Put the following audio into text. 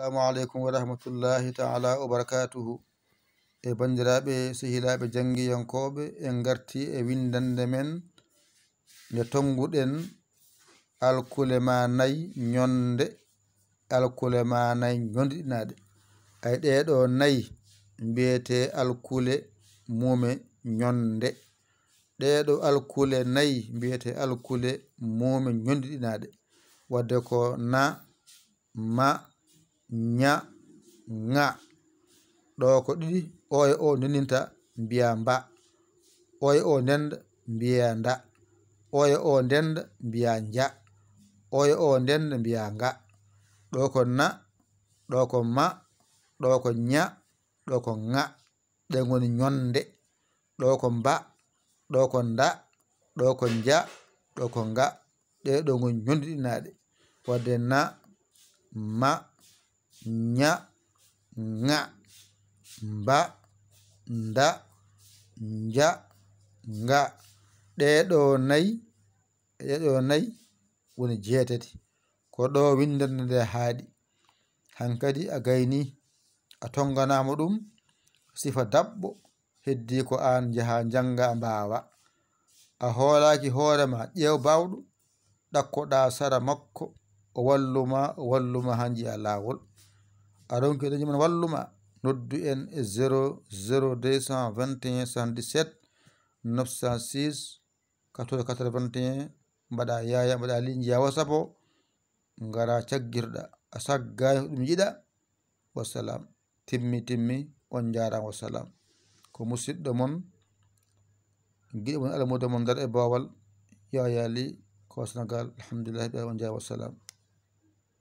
assalamu aleykum warahmatullahi taala wabarakatuhu e bandiraɓe sehilaɓe jangguiyankoɓe en garti e windande men nde tonguɗen alkule ma nayi ñonde alkule ma nayi ñondiɗinaɗe ay ɗeɗo nayi mbiyete alkule mume ñonde ɗeɗo alkule nayi mbiyete alkule mume ñondiɗinaɗe wadde ko na ma nya nga ɗo ko ɗiɗi oyo o ndeninta mbiya mba oyo o ndenda mbiya nda oyo o ndenda mbiya nja oyo o ndenda mbiya nga ɗo ko na ɗo ko ma ɗo ko nya ɗo ko nga ɗe ngoni nyonde ɗo ko mba ɗo ko nda ɗo ko nja ɗo ko nga ɗe ɗo ngoni nyondiɗinaɗe wadde na ma nya, nga, mba, nda, nja, nga. Ɗeɗo nayi, ɗeɗo nayi woni jeetati. Ko ɗo windande nde haaɗi. Hankadi a gayni a tonganama ɗum sifa dabbo heddi ko an jaha janga mbawa a holaki hore ma ƴew bawɗo ɗakkoɗa sara makko o walluma o walluma ha jiya lawol aronki ɗo jimen walluma noddu en e 0 0 221 77 906 14 81 mbaɗa yaya mbaɗa li jiya wasapo gara caggirɗa a saggayi ko ɗum yiɗa wasalam timmi timmi on jarama wasalam ko musidɗo mon giɗo mon alamudo mon nder e bowal yaya li ko sénégal alhamdulillah ɓe on jawi wasalam